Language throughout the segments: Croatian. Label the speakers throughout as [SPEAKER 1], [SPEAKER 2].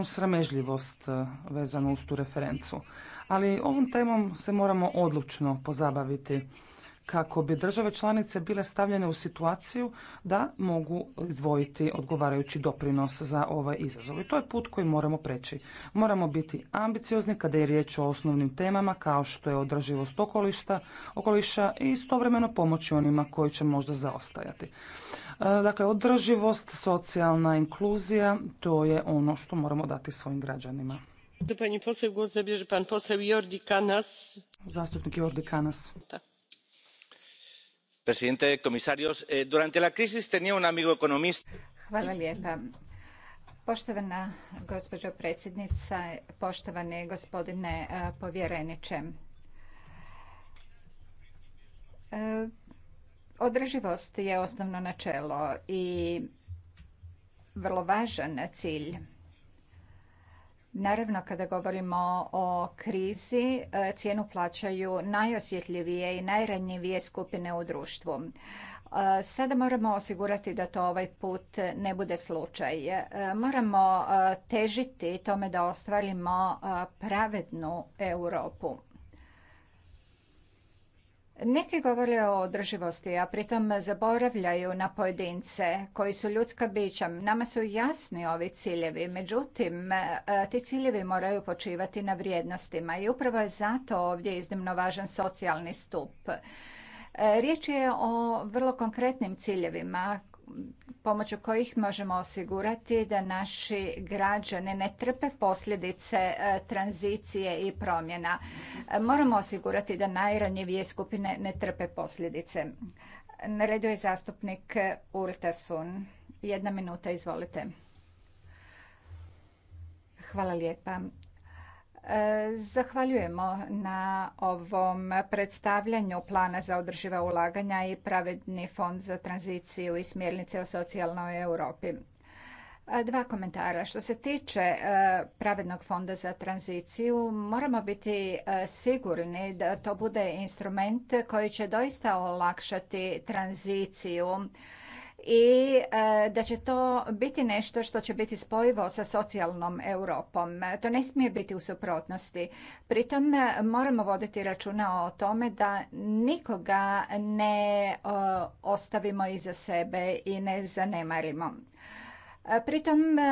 [SPEAKER 1] sramežljivost e, vezano uz tu referencu. Ali ovom temom se moramo odlučno pozabaviti kako bi države članice bile stavljene u situaciju da mogu izdvojiti odgovarajući doprinos za ovaj izazov. I to je put koji moramo preći. Moramo biti ambiciozni kada je riječ o osnovnim temama kao što je održivost okolišta, okoliša i istovremeno pomoći onima koji će možda zaostajati. E, dakle, održivost, socijalna inkluzija, to je ono što moramo dati svojim građanima. Pani Jordi Kanas. Zastupnik Jordi Kanas. Tak
[SPEAKER 2] predsjedniče comisarios eh, durante la
[SPEAKER 3] crisis tenía un amigo economista.
[SPEAKER 4] hvala lijepa. poštovana gospođo predsjednice poštovani gospodine eh, povjereniče eh, održivost je osnovno načelo i vrlo važan cilj Naravno, kada govorimo o krizi, e, cijenu plaćaju najosjetljivije i najranjivije skupine u društvu. E, sada moramo osigurati da to ovaj put ne bude slučaj. E, moramo težiti tome da ostvarimo pravednu Europu. Neki govore o održivosti, a pritom zaboravljaju na pojedince koji su ljudska bića. Nama su jasni ovi ciljevi, međutim, e, ti ciljevi moraju počivati na vrijednostima i upravo je zato ovdje iznimno važan socijalni stup. E, riječ je o vrlo konkretnim ciljevima pomoću kojih možemo osigurati da naši građani ne trpe posljedice e, tranzicije i promjena. E, moramo osigurati da najranjivije skupine ne trpe posljedice. Na redu je zastupnik Sun. Jedna minuta, izvolite. Hvala lijepa. Zahvaljujemo na ovom predstavljanju plana za održiva ulaganja i pravedni fond za tranziciju i smjernice o socijalnoj Europi. Dva komentara. Što se tiče e, pravednog fonda za tranziciju, moramo biti e, sigurni da to bude instrument koji će doista olakšati tranziciju i e, da će to biti nešto što će biti spojivo sa socijalnom Europom. To ne smije biti u suprotnosti. Pritom e, moramo voditi računa o tome da nikoga ne e, ostavimo iza sebe i ne zanemarimo. E, pritom e,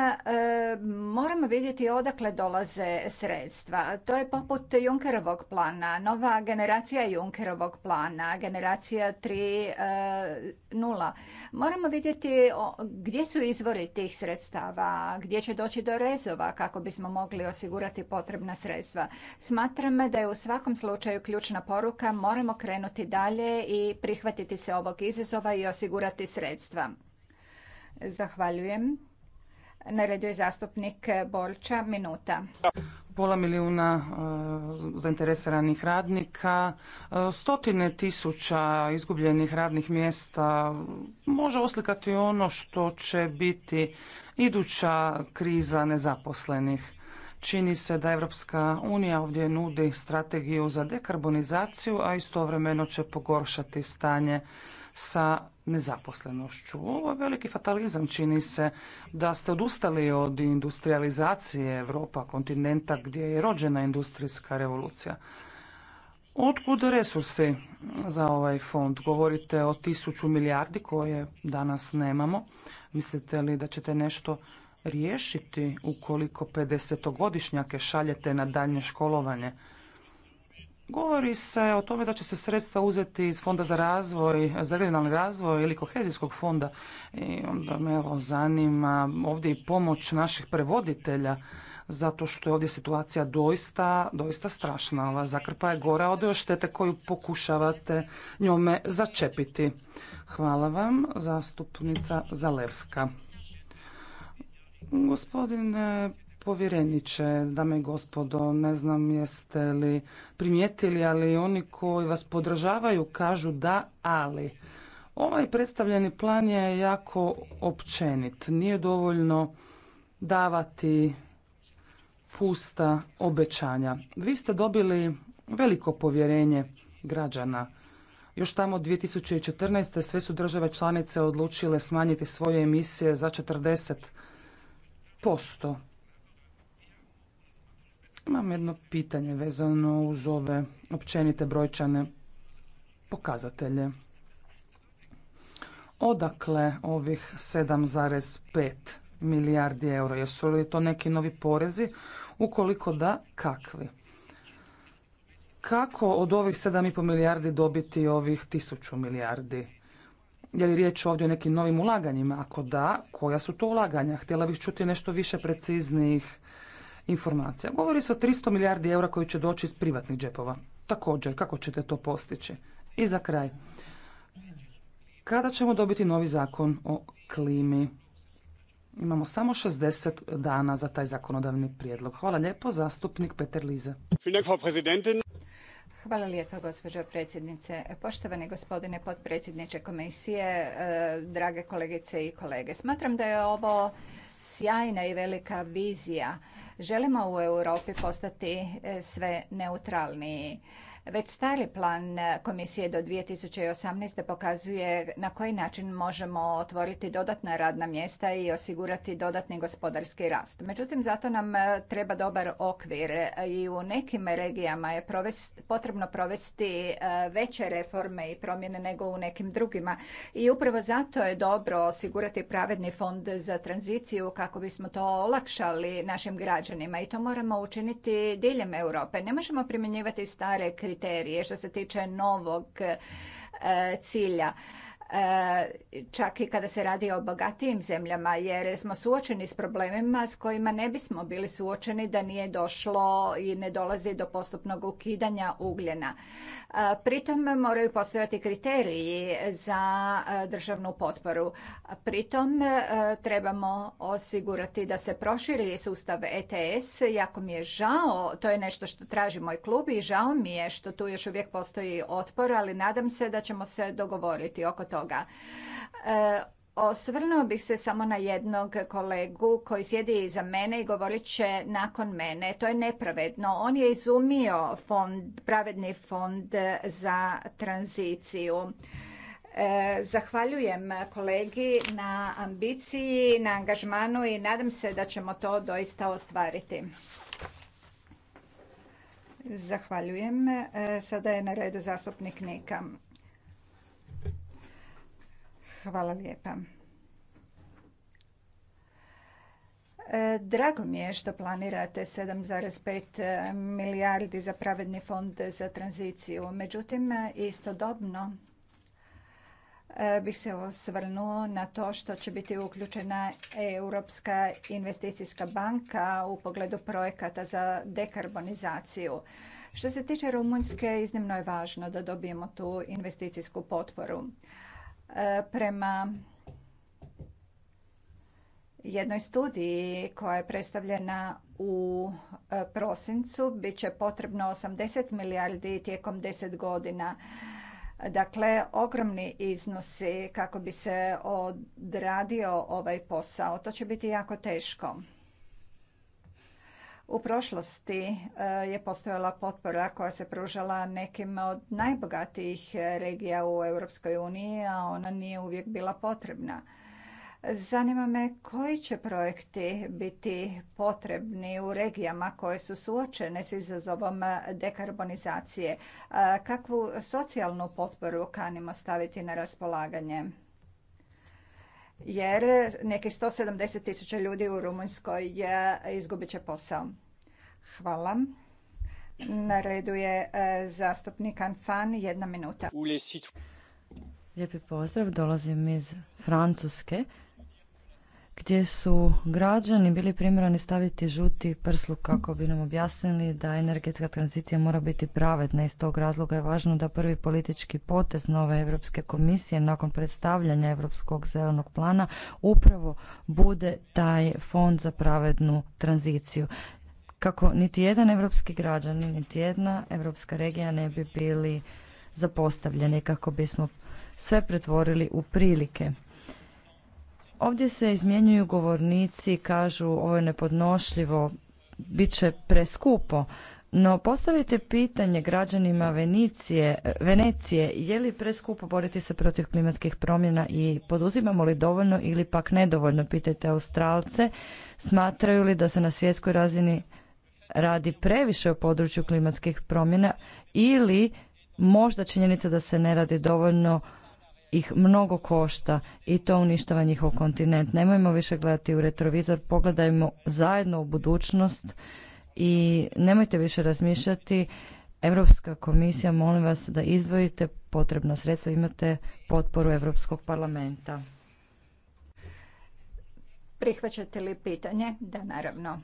[SPEAKER 4] moramo vidjeti odakle dolaze sredstva. To je poput Junckerovog plana, nova generacija Junckerovog plana, generacija 3.0. E, moramo vidjeti gdje su izvori tih sredstava, gdje će doći do rezova kako bismo mogli osigurati potrebna sredstva. Smatram da je u svakom slučaju ključna poruka moramo krenuti dalje i prihvatiti se ovog izazova i osigurati sredstva. Zahvaljujem. Na redu je zastupnik Borča, minuta.
[SPEAKER 1] Pola milijuna e, zainteresiranih radnika, e, stotine tisuća izgubljenih radnih mjesta može oslikati ono što će biti iduća kriza nezaposlenih. Čini se da Evropska unija ovdje nudi strategiju za dekarbonizaciju, a istovremeno će pogoršati stanje sa nezaposlenošću. Ovo je veliki fatalizam. Čini se da ste odustali od industrializacije Europa, kontinenta gdje je rođena industrijska revolucija. Otkud resursi za ovaj fond? Govorite o tisuću milijardi koje danas nemamo. Mislite li da ćete nešto riješiti ukoliko 50-godišnjake šaljete na daljnje školovanje? Govori se o tome da će se sredstva uzeti iz Fonda za razvoj, za regionalni razvoj ili kohezijskog fonda. I onda me evo zanima ovdje i pomoć naših prevoditelja zato što je ovdje situacija doista, doista strašna. Ova zakrpa je gora od štete koju pokušavate njome začepiti. Hvala vam, zastupnica Zalevska. Gospodine Povjereniče, dame i gospodo, ne znam jeste li primijetili, ali oni koji vas podržavaju kažu da, ali. Ovaj predstavljeni plan je jako općenit. Nije dovoljno davati pusta obećanja. Vi ste dobili veliko povjerenje građana. Još tamo 2014. sve su države članice odlučile smanjiti svoje emisije za 40%. Imam jedno pitanje vezano uz ove općenite brojčane pokazatelje. Odakle ovih 7,5 milijardi eura? Jesu li to neki novi porezi? Ukoliko da, kakvi? Kako od ovih 7,5 milijardi dobiti ovih 1000 milijardi? Je li riječ ovdje o nekim novim ulaganjima? Ako da, koja su to ulaganja? Htjela bih čuti nešto više preciznijih informacija. Govori se o 300 milijardi eura koji će doći iz privatnih džepova. Također, kako ćete to postići? I za kraj, kada ćemo dobiti novi zakon o klimi? Imamo samo 60 dana za taj zakonodavni prijedlog. Hvala lijepo, zastupnik Peter Lize.
[SPEAKER 2] Hvala lijepo,
[SPEAKER 4] gospođo predsjednice. Poštovani gospodine potpredsjedniče komisije, e, drage kolegice i kolege. Smatram da je ovo sjajna i velika vizija Želimo u Europi postati e, sve neutralniji. Već stari plan e, komisije do 2018. pokazuje na koji način možemo otvoriti dodatna radna mjesta i osigurati dodatni gospodarski rast. Međutim, zato nam e, treba dobar okvir i u nekim regijama je potrebno provesti e, veće reforme i promjene nego u nekim drugima. I upravo zato je dobro osigurati pravedni fond za tranziciju kako bismo to olakšali našim građanima i to moramo učiniti diljem Europe. Ne možemo primjenjivati stare kriterije kriterije što se tiče novog e, cilja e, čak i kada se radi o bogatijim zemljama jer smo suočeni s problemima s kojima ne bismo bili suočeni da nije došlo i ne dolazi do postupnog ukidanja ugljena. Pritom moraju postojati kriteriji za državnu potporu. Pritom trebamo osigurati da se proširi sustav ETS. Jako mi je žao, to je nešto što traži moj klub i žao mi je što tu još uvijek postoji otpor, ali nadam se da ćemo se dogovoriti oko toga. Osvrnuo bih se samo na jednog kolegu koji sjedi iza mene i govorit će nakon mene. To je nepravedno. On je izumio fond, pravedni fond za tranziciju. E, zahvaljujem kolegi na ambiciji, na angažmanu i nadam se da ćemo to doista ostvariti. Zahvaljujem. E, sada je na redu zastupnik Nika. Hvala lijepa. E, drago mi je što planirate 7,5 e, milijardi za pravedni fond za tranziciju. Međutim, e, istodobno bih se osvrnuo na to što će biti uključena Europska investicijska banka u pogledu projekata za dekarbonizaciju. Što se tiče Rumunjske, iznimno je važno da dobijemo tu investicijsku potporu. E, prema jednoj studiji koja je predstavljena u e, prosincu bit će potrebno 80 milijardi tijekom 10 godina. Dakle, ogromni iznosi kako bi se odradio ovaj posao. To će biti jako teško. U prošlosti e, je postojala potpora koja se pružala nekim od najbogatijih regija u Europskoj uniji, a ona nije uvijek bila potrebna. Zanima me koji će projekti biti potrebni u regijama koje su suočene s izazovom dekarbonizacije. Kakvu socijalnu potporu kanimo staviti na raspolaganje? jer nekih 170 tisuća ljudi u Rumunjskoj izgubit će posao. Hvala. Na redu je e, zastupnik Anfan, jedna minuta.
[SPEAKER 2] Lijepi pozdrav, dolazim iz Francuske gdje su građani bili primjerani staviti žuti prsluk kako bi nam objasnili da energetska tranzicija mora biti pravedna. Iz tog razloga je važno da prvi politički potez nove Europske komisije nakon predstavljanja Europskog zelenog plana upravo bude taj fond za pravednu tranziciju. Kako niti jedan europski građanin, niti jedna europska regija ne bi bili zapostavljeni kako bismo sve pretvorili u prilike Ovdje se izmjenjuju govornici, kažu ovo je nepodnošljivo, bit će preskupo. No postavite pitanje građanima Venicije, Venecije je li preskupo boriti se protiv klimatskih promjena i poduzimamo li dovoljno ili pak nedovoljno, pitajte Australce, smatraju li da se na svjetskoj razini radi previše o području klimatskih promjena ili možda činjenica da se ne radi dovoljno ih mnogo košta i to uništava njihov kontinent. Nemojmo više gledati u retrovizor, pogledajmo zajedno u budućnost i nemojte više razmišljati. Europska komisija, molim vas da izdvojite potrebna sredstva, imate potporu Europskog parlamenta.
[SPEAKER 4] Prihvaćate li pitanje? Da, naravno.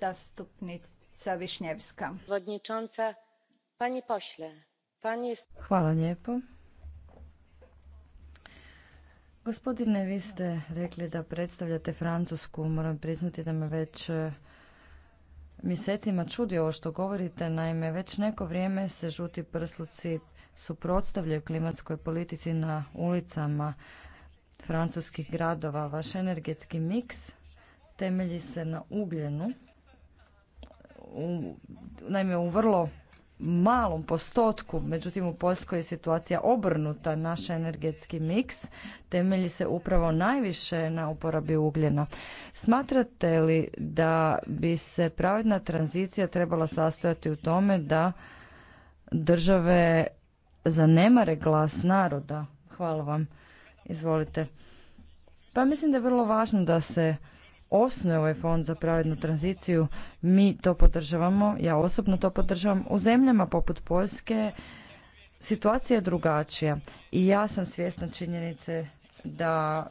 [SPEAKER 4] Zastupnica Višnjevska. Vodničonca, pani pošle,
[SPEAKER 2] Hvala lijepo. Gospodine, vi ste rekli da predstavljate Francusku. Moram priznati da me već e, mjesecima čudi ovo što govorite. Naime, već neko vrijeme se žuti prsluci suprotstavljaju klimatskoj politici na ulicama francuskih gradova. Vaš energetski miks temelji se na ugljenu. naime, u vrlo malom postotku, međutim u Poljskoj je situacija obrnuta. Naš energetski miks temelji se upravo najviše na uporabi ugljena. Smatrate li da bi se pravedna tranzicija trebala sastojati u tome da države zanemare glas naroda? Hvala vam. Izvolite. Pa mislim da je vrlo važno da se osnuje ovaj fond za pravednu tranziciju, mi to podržavamo, ja osobno to podržavam. U zemljama poput Poljske situacija je drugačija i ja sam svjesna činjenice da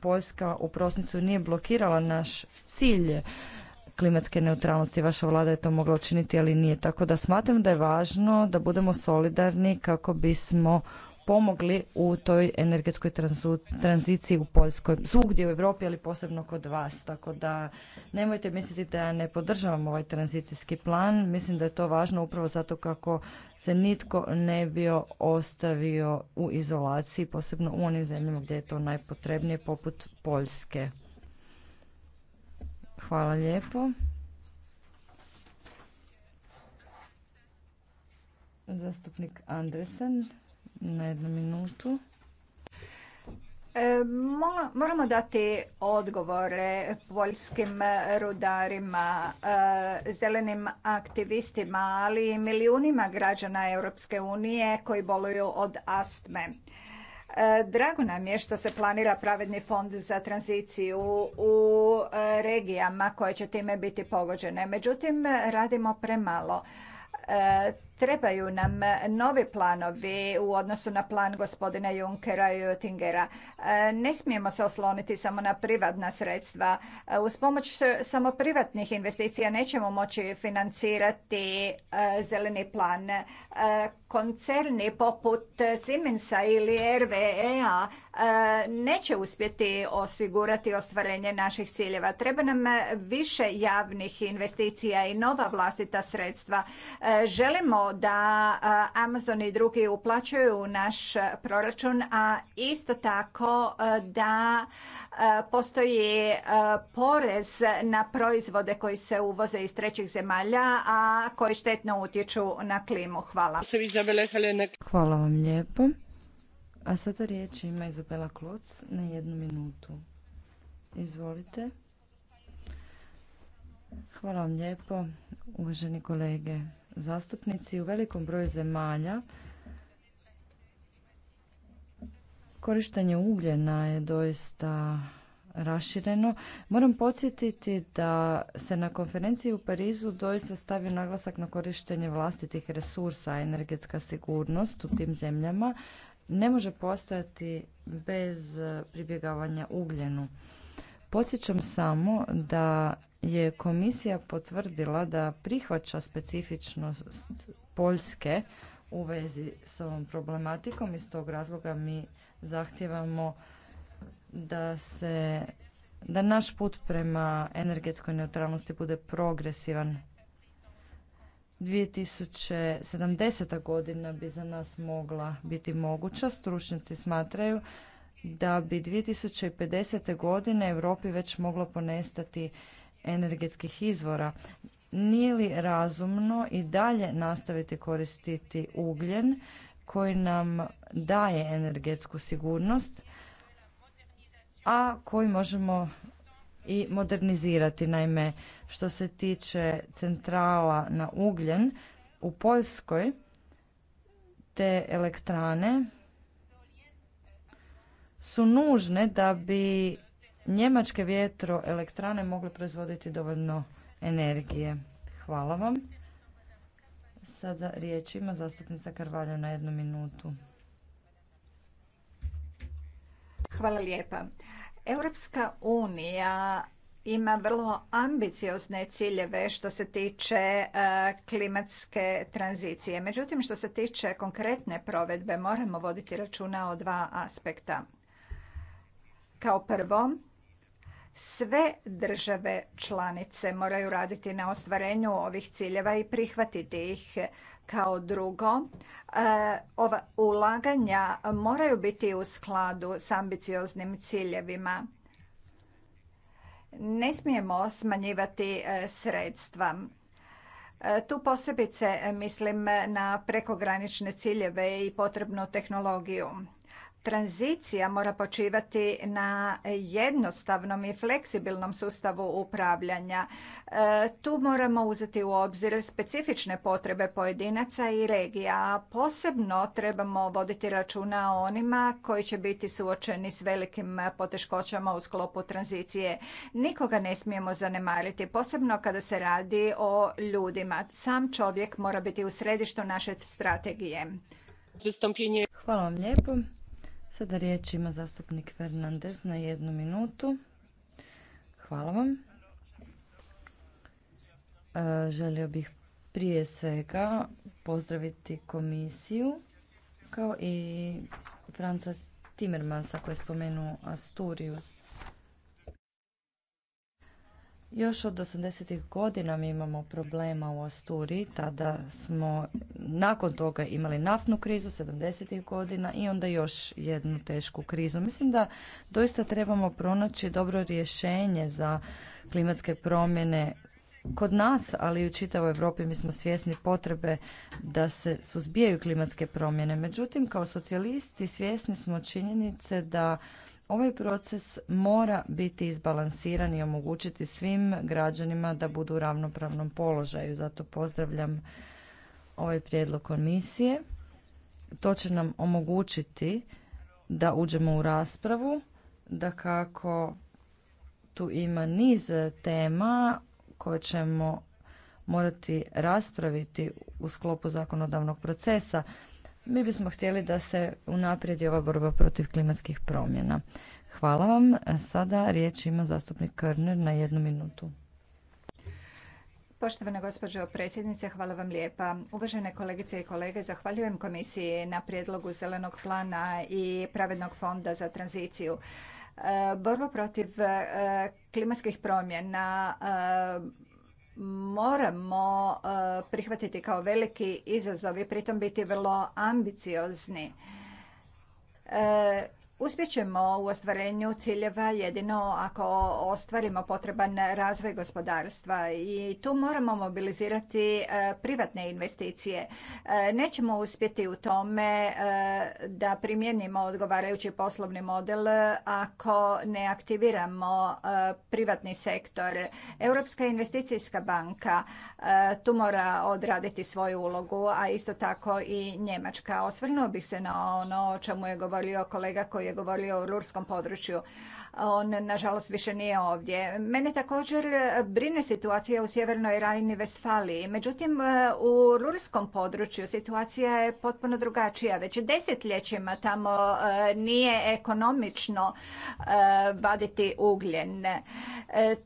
[SPEAKER 2] Poljska u prosincu nije blokirala naš cilj klimatske neutralnosti. Vaša vlada je to mogla učiniti, ali nije. Tako da smatram da je važno da budemo solidarni kako bismo pomogli u toj energetskoj tranziciji u Poljskoj, svugdje u Europi, ali posebno kod vas. Tako da nemojte misliti da ja ne podržavam ovaj tranzicijski plan. Mislim da je to važno upravo zato kako se nitko ne bio ostavio u izolaciji, posebno u onim zemljama gdje je to najpotrebnije, poput Poljske. Hvala lijepo. Zastupnik Andresen na minutu. E, moramo dati
[SPEAKER 4] odgovore poljskim rudarima, e, zelenim aktivistima, ali i milijunima građana Europske unije koji boluju od astme. E, drago nam je što se planira pravedni fond za tranziciju u regijama koje će time biti pogođene. Međutim, radimo premalo Trebaju nam novi planovi u odnosu na plan gospodina Junkera i Oettingera. E, ne smijemo se osloniti samo na privatna sredstva. E, uz pomoć samo privatnih investicija nećemo moći financirati e, zeleni plan. Koncerni poput Siemensa ili rve neće uspjeti osigurati ostvarenje naših ciljeva. Treba nam više javnih investicija i nova vlastita sredstva. Želimo da Amazon i drugi uplaćuju naš proračun, a isto tako da postoji porez na proizvode koji se uvoze iz trećih zemalja, a koji štetno utječu na klimu. Hvala.
[SPEAKER 2] Hvala vam lijepo. A sada riječ ima Izabela Kloc na jednu minutu. Izvolite. Hvala vam lijepo, uvaženi kolege zastupnici, u velikom broju zemalja korištenje ugljena je doista rašireno. Moram podsjetiti da se na konferenciji u Parizu doista stavio naglasak na korištenje vlastitih resursa, i energetska sigurnost u tim zemljama ne može postojati bez pribjegavanja ugljenu. Podsjećam samo da je komisija potvrdila da prihvaća specifičnost Poljske u vezi s ovom problematikom. Iz tog razloga mi zahtijevamo da se da naš put prema energetskoj neutralnosti bude progresivan. 2070. godina bi za nas mogla biti moguća. Stručnjaci smatraju da bi 2050. godine Europi već moglo ponestati energetskih izvora. Nije li razumno i dalje nastaviti koristiti ugljen koji nam daje energetsku sigurnost, a koji možemo i modernizirati. Naime, što se tiče centrala na ugljen, u Poljskoj te elektrane su nužne da bi njemačke vjetroelektrane mogle proizvoditi dovoljno energije. Hvala vam. Sada riječ ima zastupnica Karvalja na jednu minutu. Hvala lijepa. Europska unija
[SPEAKER 4] ima vrlo ambiciozne ciljeve što se tiče e, klimatske tranzicije. Međutim, što se tiče konkretne provedbe, moramo voditi računa o dva aspekta. Kao prvo, sve države članice moraju raditi na ostvarenju ovih ciljeva i prihvatiti ih. Kao drugo, e, ova ulaganja moraju biti u skladu s ambicioznim ciljevima. Ne smijemo smanjivati e, sredstva. E, tu posebice mislim na prekogranične ciljeve i potrebnu tehnologiju tranzicija mora počivati na jednostavnom i fleksibilnom sustavu upravljanja. E, tu moramo uzeti u obzir specifične potrebe pojedinaca i regija, a posebno trebamo voditi računa o onima koji će biti suočeni s velikim poteškoćama u sklopu tranzicije. Nikoga ne smijemo zanemariti, posebno kada se radi o ljudima. Sam čovjek mora biti u središtu naše strategije.
[SPEAKER 2] Hvala vam lijepo. Sada riječ ima zastupnik Fernandez na jednu minutu. Hvala vam. E, želio bih prije svega pozdraviti komisiju kao i Franca Timmermansa koji je spomenuo Asturiju. Još od 80. godina mi imamo problema u Asturiji, tada smo nakon toga imali naftnu krizu 70. godina i onda još jednu tešku krizu. Mislim da doista trebamo pronaći dobro rješenje za klimatske promjene kod nas, ali i u čitavoj Europi mi smo svjesni potrebe da se suzbijaju klimatske promjene. Međutim, kao socijalisti svjesni smo činjenice da Ovaj proces mora biti izbalansiran i omogućiti svim građanima da budu u ravnopravnom položaju. Zato pozdravljam ovaj prijedlog komisije. To će nam omogućiti da uđemo u raspravu, da kako tu ima niz tema koje ćemo morati raspraviti u sklopu zakonodavnog procesa. Mi bismo htjeli da se unaprijedi ova borba protiv klimatskih promjena. Hvala vam. Sada riječ ima zastupnik Körner na jednu minutu.
[SPEAKER 4] Poštovana gospođo predsjednice, hvala vam lijepa. Uvažene kolegice i kolege, zahvaljujem komisiji na prijedlogu zelenog plana i pravednog fonda za tranziciju. E, borba protiv e, klimatskih promjena e, moramo e, prihvatiti kao veliki izazov i pritom biti vrlo ambiciozni. E, Uspjećemo u ostvarenju ciljeva jedino ako ostvarimo potreban razvoj gospodarstva i tu moramo mobilizirati e, privatne investicije. E, nećemo uspjeti u tome e, da primijenimo odgovarajući poslovni model ako ne aktiviramo privatni sektor. Europska investicijska banka tu mora odraditi svoju ulogu, a isto tako i Njemačka. Osvrnuo bih se na ono o čemu je govorio kolega koji je govorio o Lurskom području. On, nažalost, više nije ovdje. Mene također brine situacija u Sjevernoj Rajni Vestfaliji. Međutim, u Lurskom području situacija je potpuno drugačija. Već desetljećima tamo eh, nije ekonomično eh, vaditi ugljen. Eh,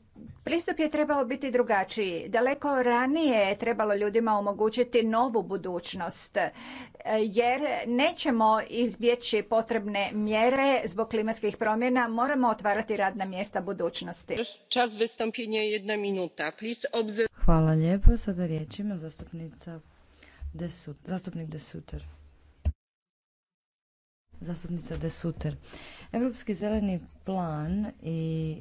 [SPEAKER 4] Pristup je trebao biti drugačiji. Daleko ranije je trebalo ljudima omogućiti novu budućnost, e, jer nećemo izbjeći potrebne mjere zbog klimatskih promjena, moramo otvarati radna mjesta budućnosti.
[SPEAKER 2] Čas jedna minuta. Hvala lijepo. Sada riječ zastupnica zastupnik Desuter. Zastupnica Desuter. Europski zeleni plan i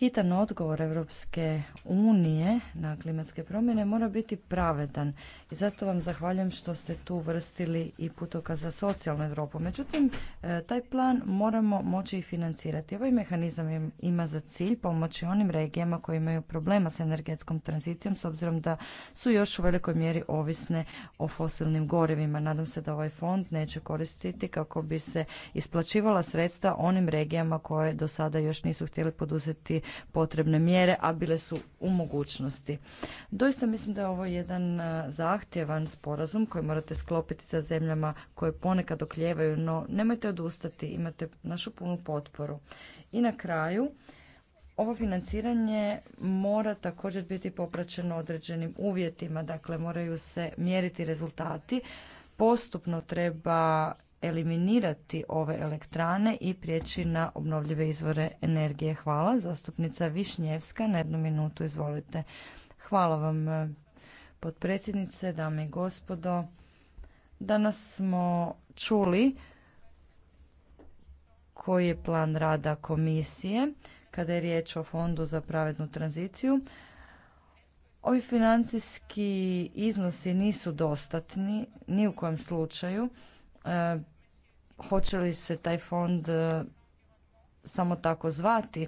[SPEAKER 2] Hitan odgovor Europske unije na klimatske promjene mora biti pravedan i zato vam zahvaljujem što ste tu vrstili i putoka za socijalnu Europu. Međutim, e, taj plan moramo moći i financirati. Ovaj mehanizam ima za cilj pomoći onim regijama koji imaju problema s energetskom tranzicijom s obzirom da su još u velikoj mjeri ovisne o fosilnim gorivima. Nadam se da ovaj fond neće koristiti kako bi se isplaćivala sredstva onim regijama koje do sada još nisu htjeli poduzeti potrebne mjere, a bile su u mogućnosti. Doista mislim da je ovo jedan e, zahtjevan sporazum koji morate sklopiti sa zemljama koje ponekad okljevaju, no nemojte odustati, imate našu punu potporu. I na kraju, ovo financiranje mora također biti popraćeno određenim uvjetima, dakle moraju se mjeriti rezultati. Postupno treba eliminirati ove elektrane i prijeći na obnovljive izvore energije. Hvala. Zastupnica Višnjevska, na jednu minutu izvolite. Hvala vam eh, potpredsjednice, dame i gospodo. Danas smo čuli koji je plan rada komisije kada je riječ o Fondu za pravednu tranziciju. Ovi financijski iznosi nisu dostatni ni u kojem slučaju eh, hoće li se taj fond e, samo tako zvati.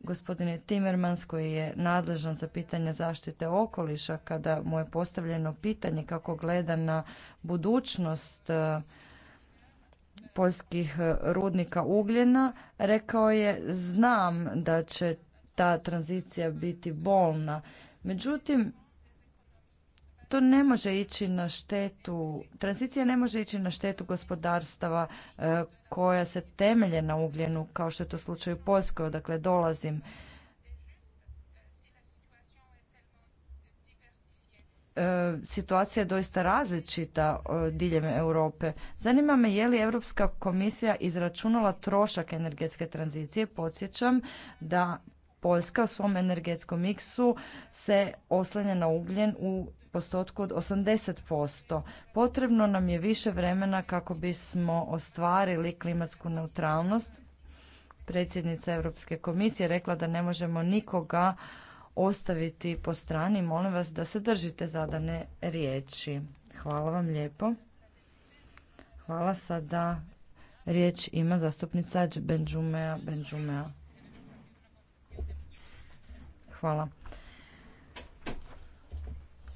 [SPEAKER 2] Gospodine Timmermans koji je nadležan za pitanje zaštite okoliša kada mu je postavljeno pitanje kako gleda na budućnost e, poljskih e, rudnika ugljena, rekao je znam da će ta tranzicija biti bolna. Međutim, to ne može ići na štetu, tranzicija ne može ići na štetu gospodarstava e, koja se temelje na ugljenu, kao što je to slučaj u Poljskoj, odakle dolazim. E, situacija je doista različita e, diljem Europe. Zanima me je li Europska komisija izračunala trošak energetske tranzicije. Podsjećam da Poljska u svom energetskom miksu se oslanja na ugljen u postotku od 80%. Potrebno nam je više vremena kako bismo ostvarili klimatsku neutralnost. Predsjednica Europske komisije rekla da ne možemo nikoga ostaviti po strani. Molim vas da se držite zadane riječi. Hvala vam lijepo. Hvala sada. Riječ ima zastupnica Benđumea Benđumea. Hvala.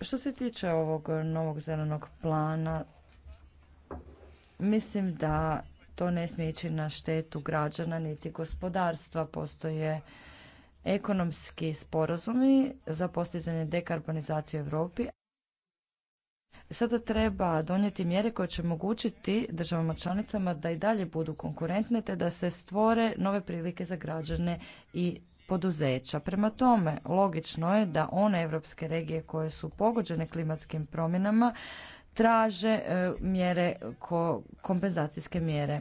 [SPEAKER 2] Što se tiče ovog novog zelenog plana, mislim da to ne smije ići na štetu građana niti gospodarstva. Postoje ekonomski sporazumi za postizanje dekarbonizacije u Europi. Sada treba donijeti mjere koje će omogućiti državama članicama da i dalje budu konkurentne te da se stvore nove prilike za građane i poduzeća. Prema tome, logično je da one europske regije koje su pogođene klimatskim promjenama traže e, mjere kompenzacijske mjere.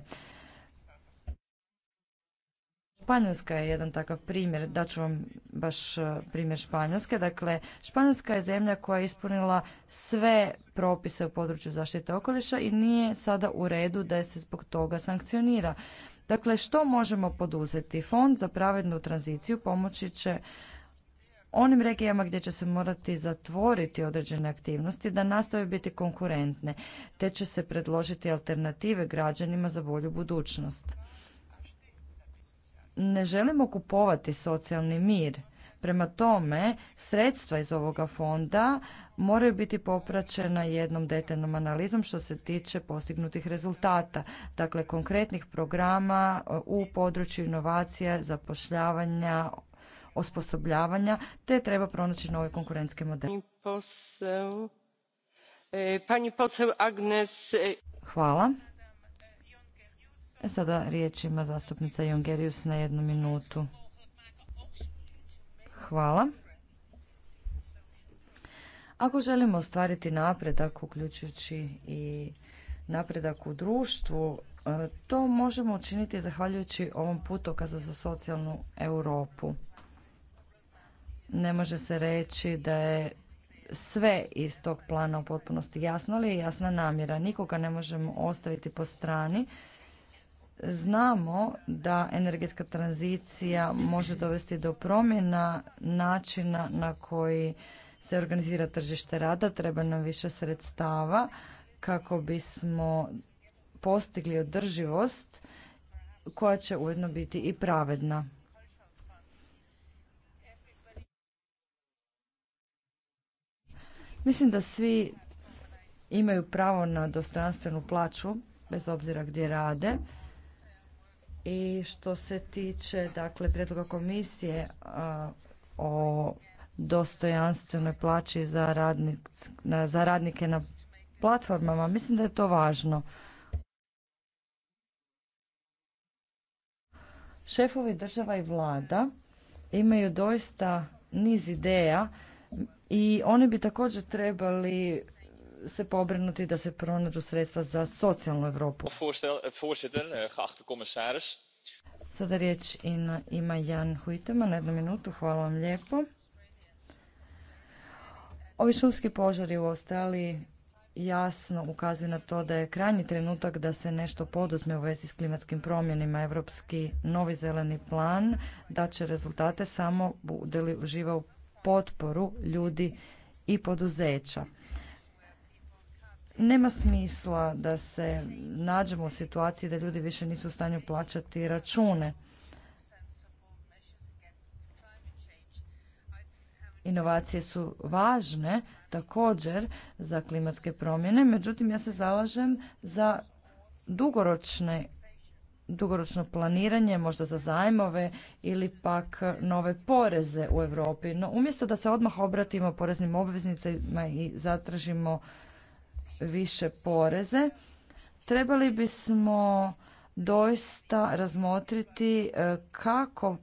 [SPEAKER 2] Španjolska je jedan takav primjer, daću vam baš e, primjer Španjolske. Dakle, Španjolska je zemlja koja je ispunila sve propise u području zaštite okoliša i nije sada u redu da se zbog toga sankcionira. Dakle, što možemo poduzeti? Fond za pravednu tranziciju pomoći će onim regijama gdje će se morati zatvoriti određene aktivnosti da nastave biti konkurentne, te će se predložiti alternative građanima za bolju budućnost. Ne želimo kupovati socijalni mir. Prema tome, sredstva iz ovoga fonda moraju biti popraćena jednom detaljnom analizom što se tiče postignutih rezultata, dakle konkretnih programa e, u području inovacija, zapošljavanja, osposobljavanja, te treba pronaći nove konkurentske modele. Pani poseł e, Agnes. E, Hvala. Sada riječ ima zastupnica Jongerius na jednu minutu. Hvala. Ako želimo ostvariti napredak, uključujući i napredak u društvu, e, to možemo učiniti zahvaljujući ovom putokazu za socijalnu Europu. Ne može se reći da je sve iz tog plana u potpunosti jasno, ali je jasna namjera. Nikoga ne možemo ostaviti po strani. Znamo da energetska tranzicija može dovesti do promjena načina na koji se organizira tržište rada, treba nam više sredstava kako bismo postigli održivost koja će ujedno biti i pravedna. Mislim da svi imaju pravo na dostojanstvenu plaću, bez obzira gdje rade. I što se tiče dakle, prijedloga komisije o dostojanstvenoj plaći za, za radnike na platformama. Mislim da je to važno. Šefovi država i vlada imaju doista niz ideja i oni bi također trebali se pobrinuti da se pronađu sredstva za socijalnu Europu.
[SPEAKER 4] Eh, eh,
[SPEAKER 2] Sada riječ ima Jan Huitema na jednu minutu. Hvala vam lijepo. Ovi šumski požari u Australiji jasno ukazuju na to da je krajnji trenutak da se nešto poduzme u vezi s klimatskim promjenama. Europski novi zeleni plan da će rezultate samo bude li uživao potporu ljudi i poduzeća. Nema smisla da se nađemo u situaciji da ljudi više nisu u stanju plaćati račune. Inovacije su važne također za klimatske promjene, međutim ja se zalažem za dugoročne dugoročno planiranje, možda za zajmove ili pak nove poreze u Europi. No umjesto da se odmah obratimo poreznim obveznicama i zatražimo više poreze, trebali bismo doista razmotriti e, kako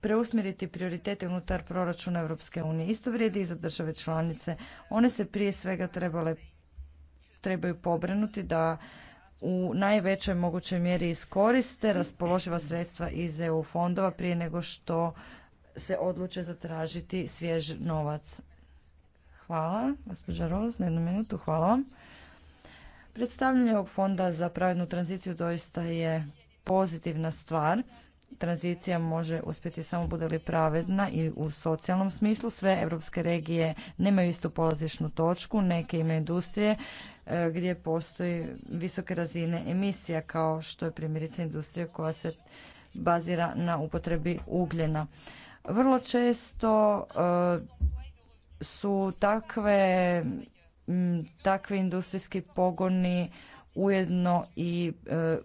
[SPEAKER 2] preusmjeriti prioritete unutar proračuna Europske unije. Isto vrijedi i za države članice. One se prije svega trebale, trebaju pobrinuti da u najvećoj mogućoj mjeri iskoriste raspoloživa sredstva iz EU fondova prije nego što se odluče zatražiti svjež novac. Hvala, gospođa Roz, na jednu minutu, hvala vam. Predstavljanje ovog fonda za pravednu tranziciju doista je pozitivna stvar tranzicija može uspjeti samo bude li pravedna i u socijalnom smislu. Sve europske regije nemaju istu polazišnu točku, neke imaju industrije e, gdje postoji visoke razine emisija kao što je primjerice industrija koja se bazira na upotrebi ugljena. Vrlo često e, su takve, takve industrijski pogoni ujedno i e,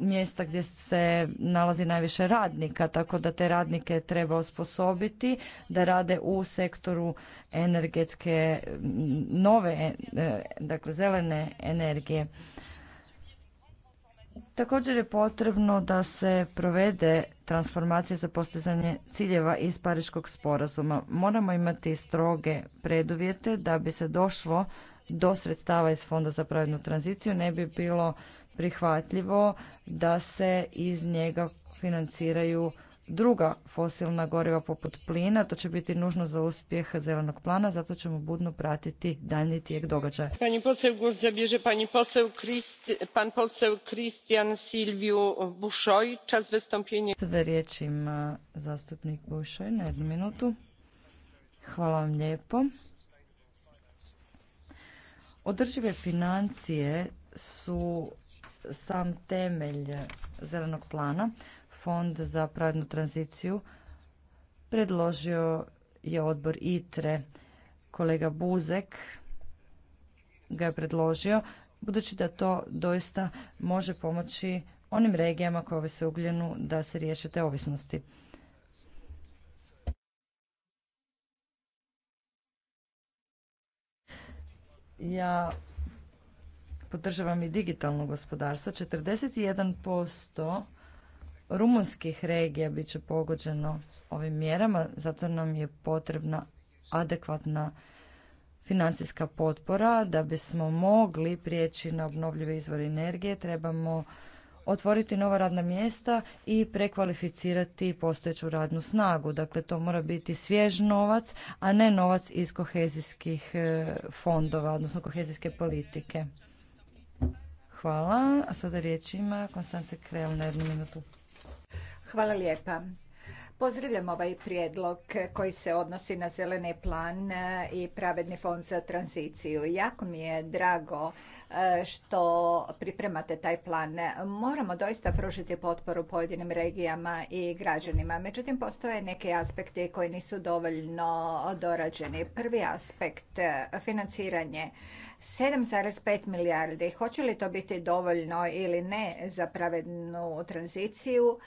[SPEAKER 2] mjesta gdje se nalazi najviše radnika, tako da te radnike treba osposobiti da rade u sektoru energetske mm, nove, e, e, dakle zelene energije. Također je potrebno da se provede transformacija za postizanje ciljeva iz Pariškog sporazuma. Moramo imati stroge preduvjete da bi se došlo do sredstava iz Fonda za pravednu tranziciju ne bi bilo prihvatljivo da se iz njega financiraju druga fosilna goriva poput plina. To će biti nužno za uspjeh zelenog plana, zato ćemo budno pratiti daljnji tijek događaja. Pani poseł, głos pani poseł, pan poseł Christian Silviu Bušoj. Čas wystąpienia. Sada riječ ima zastupnik Bušoj na jednu minutu. Hvala vam lijepo. Održive financije su sam temelj zelenog plana. Fond za pravednu tranziciju predložio je odbor ITRE. Kolega Buzek ga je predložio, budući da to doista može pomoći onim regijama koje se ugljenu da se riješe te ovisnosti. Ja podržavam i digitalno gospodarstvo. 41% rumunskih regija bit će pogođeno ovim mjerama, zato nam je potrebna adekvatna financijska potpora. Da bismo mogli prijeći na obnovljive izvore energije, trebamo otvoriti nova radna mjesta i prekvalificirati postojeću radnu snagu. Dakle, to mora biti svjež novac, a ne novac iz kohezijskih e, fondova, odnosno kohezijske politike. Hvala. A sada riječ ima Konstance Krel na jednu minutu.
[SPEAKER 4] Hvala lijepa. Pozdravljam ovaj prijedlog koji se odnosi na zeleni plan e, i pravedni fond za tranziciju. Jako mi je drago e, što pripremate taj plan. Moramo doista pružiti potporu pojedinim regijama i građanima. Međutim, postoje neki aspekti koji nisu dovoljno dorađeni. Prvi aspekt, e, financiranje. 7,5 milijardi. Hoće li to biti dovoljno ili ne za pravednu tranziciju?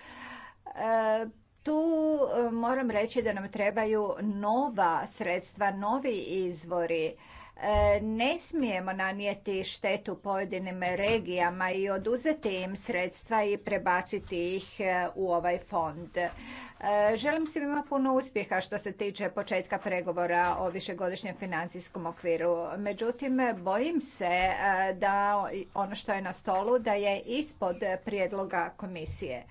[SPEAKER 4] Tu e, moram reći da nam trebaju nova sredstva, novi izvori. E, ne smijemo nanijeti štetu pojedinim regijama i oduzeti im sredstva i prebaciti ih e, u ovaj fond. Želim svima puno uspjeha što se tiče početka pregovora o višegodišnjem financijskom okviru. Međutim, bojim se da ono što je na stolu da je ispod prijedloga komisije.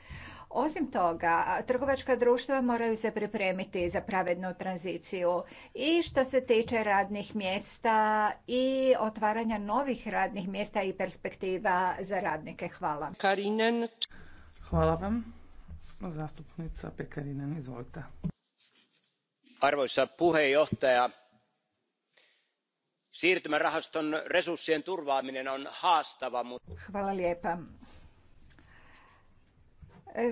[SPEAKER 4] Osim toga, trgovačka društva moraju se pripremiti za pravednu tranziciju i što se tiče radnih mjesta i otvaranja novih radnih mjesta i perspektiva za radnike. Hvala.
[SPEAKER 1] Karinen. Hvala vam. Zastupnica Pekarinen, izvolite.
[SPEAKER 4] Arvoisa puheenjohtaja, siirtymärahaston resurssien turvaaminen on haastava, mutta... Hvala lijepa.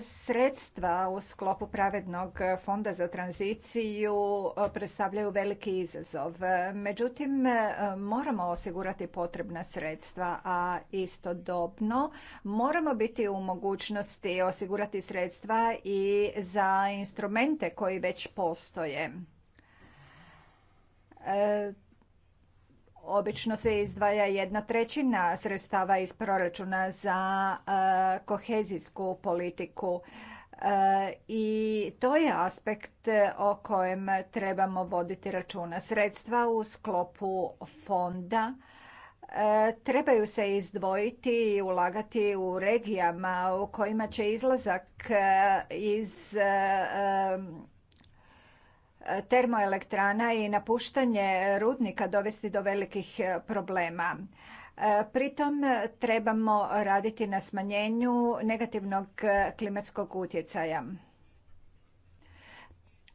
[SPEAKER 4] Sredstva u sklopu Pravednog fonda za tranziciju e, predstavljaju veliki izazov. Međutim, e, moramo osigurati potrebna sredstva, a istodobno moramo biti u mogućnosti osigurati sredstva i za instrumente koji već postoje. E, Obično se izdvaja jedna trećina sredstava iz proračuna za e, kohezijsku politiku e, i to je aspekt e, o kojem trebamo voditi računa. Sredstva u sklopu fonda trebaju se izdvojiti i ulagati u regijama u kojima će izlazak iz termoelektrana i napuštanje rudnika dovesti do velikih e, problema. E, pritom e, trebamo raditi na smanjenju negativnog klimatskog utjecaja.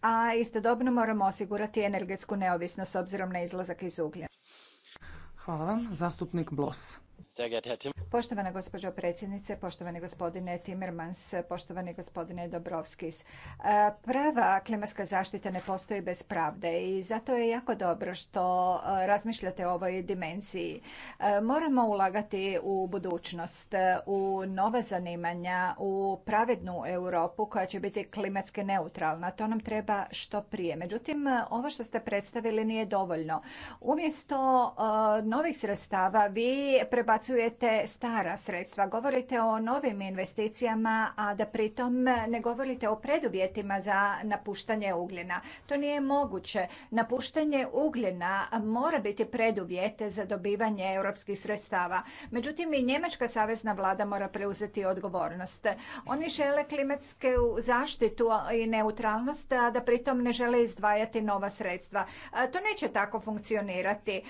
[SPEAKER 4] A istodobno moramo osigurati energetsku neovisnost s obzirom na izlazak iz uglja.
[SPEAKER 1] Hvala vam. Zastupnik Blos.
[SPEAKER 4] Poštovana gospođo predsjednice, poštovani gospodine Timmermans, poštovani gospodine Dobrovskis. E, prava klimatska zaštita ne postoji bez pravde i zato je jako dobro što e, razmišljate o ovoj dimenziji. E, moramo ulagati u budućnost, u nova zanimanja, u pravednu Europu koja će biti klimatske neutralna. To nam treba što prije. Međutim, ovo što ste predstavili nije dovoljno. Umjesto novih sredstava vi prebacite odbacujete stara sredstva. Govorite o novim investicijama, a da pritom ne govorite o preduvjetima za napuštanje ugljena. To nije moguće. Napuštanje ugljena mora biti preduvjet za dobivanje europskih sredstava. Međutim, i Njemačka savezna vlada mora preuzeti odgovornost. Oni žele klimatske zaštitu i neutralnost, a da pritom ne žele izdvajati nova sredstva. To neće tako funkcionirati. E,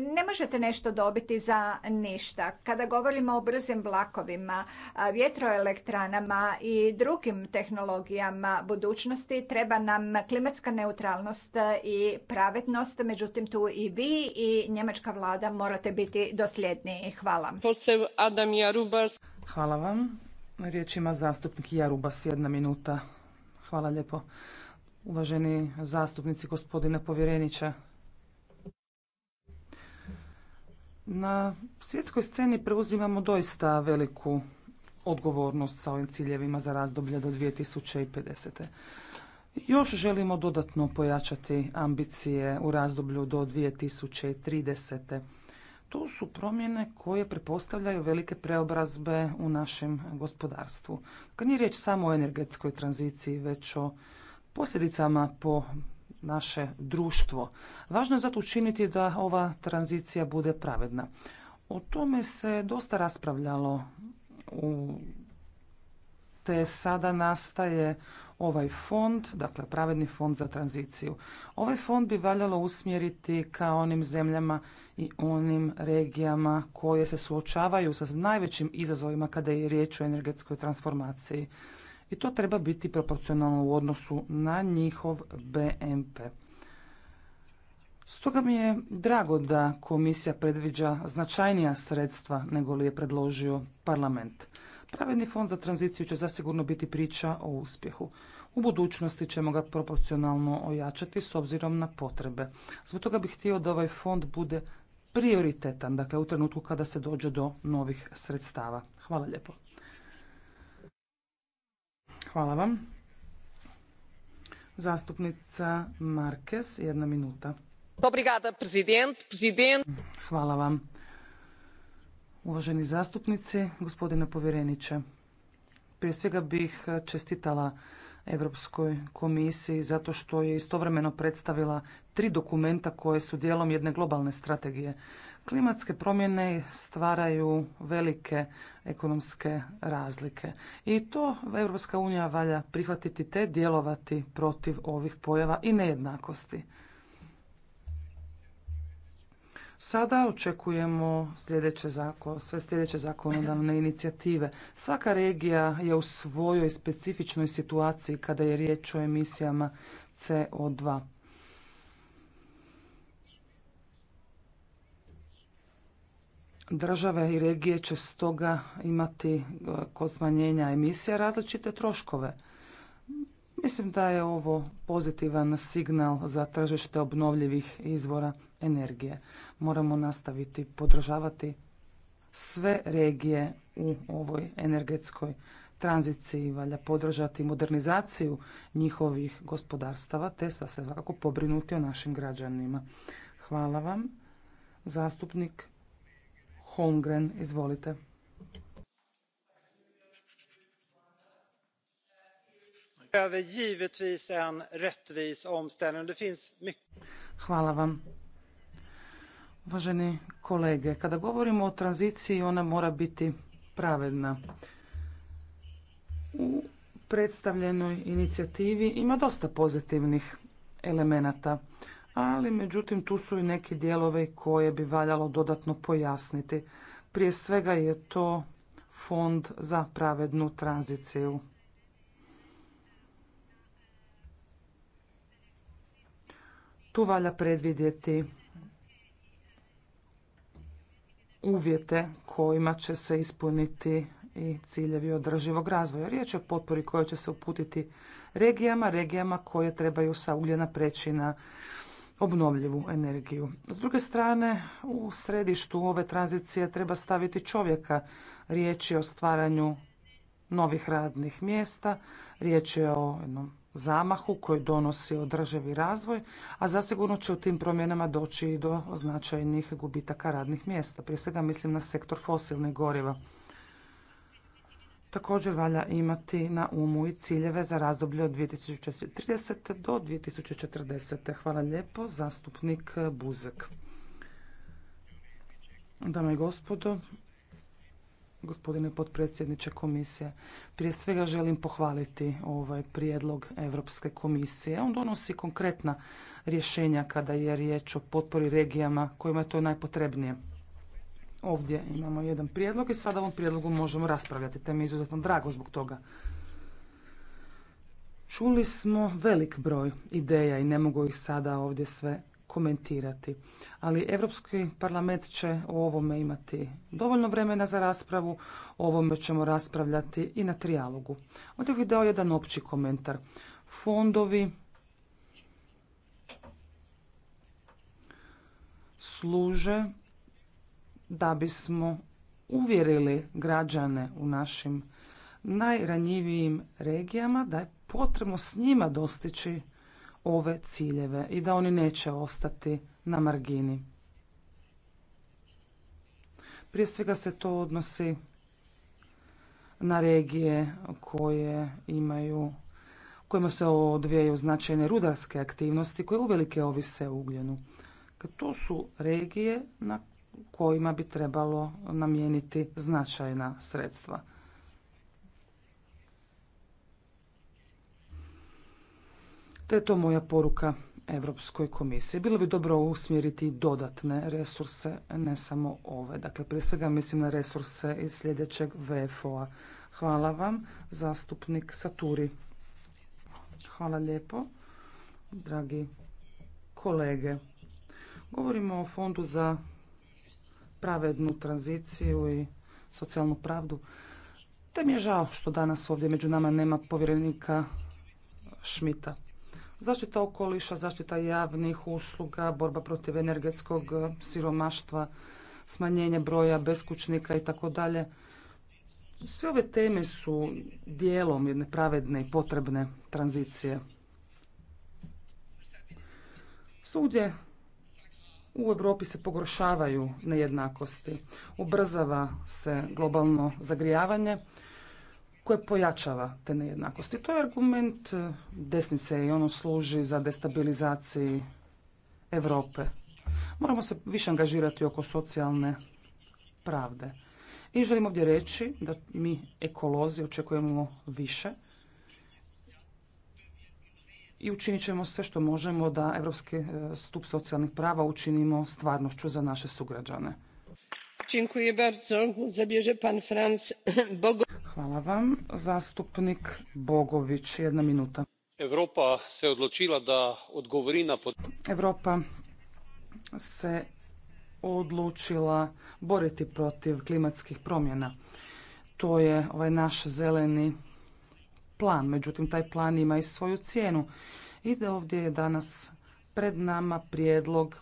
[SPEAKER 4] ne možete nešto dobiti za ništa ništa. Kada govorimo o brzim vlakovima, vjetroelektranama i drugim tehnologijama budućnosti, treba nam klimatska neutralnost i pravednost. Međutim, tu i vi i njemačka vlada morate biti dosljedniji. Hvala.
[SPEAKER 1] Adam Jarubas. Hvala vam. Riječ ima zastupnik Jarubas, jedna minuta. Hvala lijepo. Uvaženi zastupnici, gospodine povjereniče, Na svjetskoj sceni preuzimamo doista veliku odgovornost sa ovim ciljevima za razdoblje do 2050. Još želimo dodatno pojačati ambicije u razdoblju do 2030. To su promjene koje prepostavljaju velike preobrazbe u našem gospodarstvu. Kad nije riječ samo o energetskoj tranziciji, već o posljedicama po naše društvo. Važno je zato učiniti da ova tranzicija bude pravedna. O tome se dosta raspravljalo u te sada nastaje ovaj fond, dakle pravedni fond za tranziciju. Ovaj fond bi valjalo usmjeriti ka onim zemljama i onim regijama koje se suočavaju sa najvećim izazovima kada je riječ o energetskoj transformaciji i to treba biti proporcionalno u odnosu na njihov BMP. Stoga mi je drago da komisija predviđa značajnija sredstva nego li je predložio parlament. Pravedni fond za tranziciju će zasigurno biti priča o uspjehu. U budućnosti ćemo ga proporcionalno ojačati s obzirom na potrebe. Zbog toga bih htio da ovaj fond bude prioritetan, dakle u trenutku kada se dođe do novih sredstava. Hvala lijepo. Hvala vam. Zastupnica Markes, jedna minuta. Obrigada, prezident. prezident. Hvala vam. Uvaženi zastupnici, gospodine povjereniče, prije svega bih čestitala Europskoj komisiji zato što je istovremeno predstavila tri dokumenta koje su dijelom jedne globalne strategije. Klimatske promjene stvaraju velike ekonomske razlike i to Europska unija valja prihvatiti te djelovati protiv ovih pojava i nejednakosti. Sada očekujemo sljedeće zakon, sve sljedeće zakonodavne inicijative. Svaka regija je u svojoj specifičnoj situaciji kada je riječ o emisijama CO2. Države i regije će stoga imati e, kod smanjenja emisija različite troškove. Mislim da je ovo pozitivan signal za tržište obnovljivih izvora energije. Moramo nastaviti podržavati sve regije u ovoj energetskoj tranziciji. Valja podržati modernizaciju njihovih gospodarstava te sva se svakako pobrinuti o našim građanima. Hvala vam. Zastupnik Holmgren. Izvolite. Hvala vam. Uvaženi kolege, kada govorimo o tranziciji, ona mora biti pravedna. U predstavljenoj inicijativi ima dosta pozitivnih elemenata ali međutim tu su i neki dijelovi koje bi valjalo dodatno pojasniti. Prije svega je to fond za pravednu tranziciju. Tu valja predvidjeti uvjete kojima će se ispuniti i ciljevi održivog razvoja. Riječ je o potpori koja će se uputiti regijama, regijama koje trebaju sa ugljena preći na obnovljivu energiju. S druge strane, u središtu ove tranzicije treba staviti čovjeka. Riječ je o stvaranju novih radnih mjesta, riječ je o jednom zamahu koji donosi održivi razvoj, a zasigurno će u tim promjenama doći i do značajnih gubitaka radnih mjesta. Prije svega mislim na sektor fosilnih goriva. Također valja imati na umu i ciljeve za razdoblje od 2030. do 2040. Hvala lijepo, zastupnik Buzek. Dame i gospodo, gospodine potpredsjedniče komisije, prije svega želim pohvaliti ovaj prijedlog Europske komisije. On donosi konkretna rješenja kada je riječ o potpori regijama kojima je to najpotrebnije. Ovdje imamo jedan prijedlog i sada ovom prijedlogu možemo raspravljati, te mi je izuzetno drago zbog toga. Čuli smo velik broj ideja i ne mogu ih sada ovdje sve komentirati. Ali Europski parlament će o ovome imati dovoljno vremena za raspravu, o ovome ćemo raspravljati i na trijalogu. Ovdje bih dao jedan opći komentar. Fondovi služe da bismo uvjerili građane u našim najranjivijim regijama da je potrebno s njima dostići ove ciljeve i da oni neće ostati na margini. Prije svega se to odnosi na regije koje imaju kojima se odvijaju značajne rudarske aktivnosti koje uvelike ovise o ugljenu. To su regije na kojima bi trebalo namijeniti značajna sredstva. Te je to moja poruka Europskoj komisiji. Bilo bi dobro usmjeriti dodatne resurse, ne samo ove. Dakle, prije svega mislim na resurse iz sljedećeg VFO-a. Hvala vam, zastupnik Saturi. Hvala lijepo, dragi kolege. Govorimo o fondu za pravednu tranziciju i socijalnu pravdu. Te mi je žao što danas ovdje među nama nema povjerenika Šmita. Zaštita okoliša, zaštita javnih usluga, borba protiv energetskog siromaštva, smanjenje broja beskućnika i tako dalje. Sve ove teme su dijelom jedne pravedne i potrebne tranzicije. Svugdje u Europi se pogoršavaju nejednakosti. Ubrzava se globalno zagrijavanje koje pojačava te nejednakosti. To je argument e, desnice i ono služi za destabilizaciji Europe. Moramo se više angažirati oko socijalne pravde. I želim ovdje reći da mi ekolozi očekujemo više i učinit ćemo sve što možemo da Europski e, stup socijalnih prava učinimo stvarnošću za naše sugrađane. Hvala vam. Zastupnik Bogović, jedna minuta. Europa se odlučila da odgovori na... Europa se odlučila boriti protiv klimatskih promjena. To je ovaj naš zeleni plan, međutim taj plan ima i svoju cijenu. I da ovdje je danas pred nama prijedlog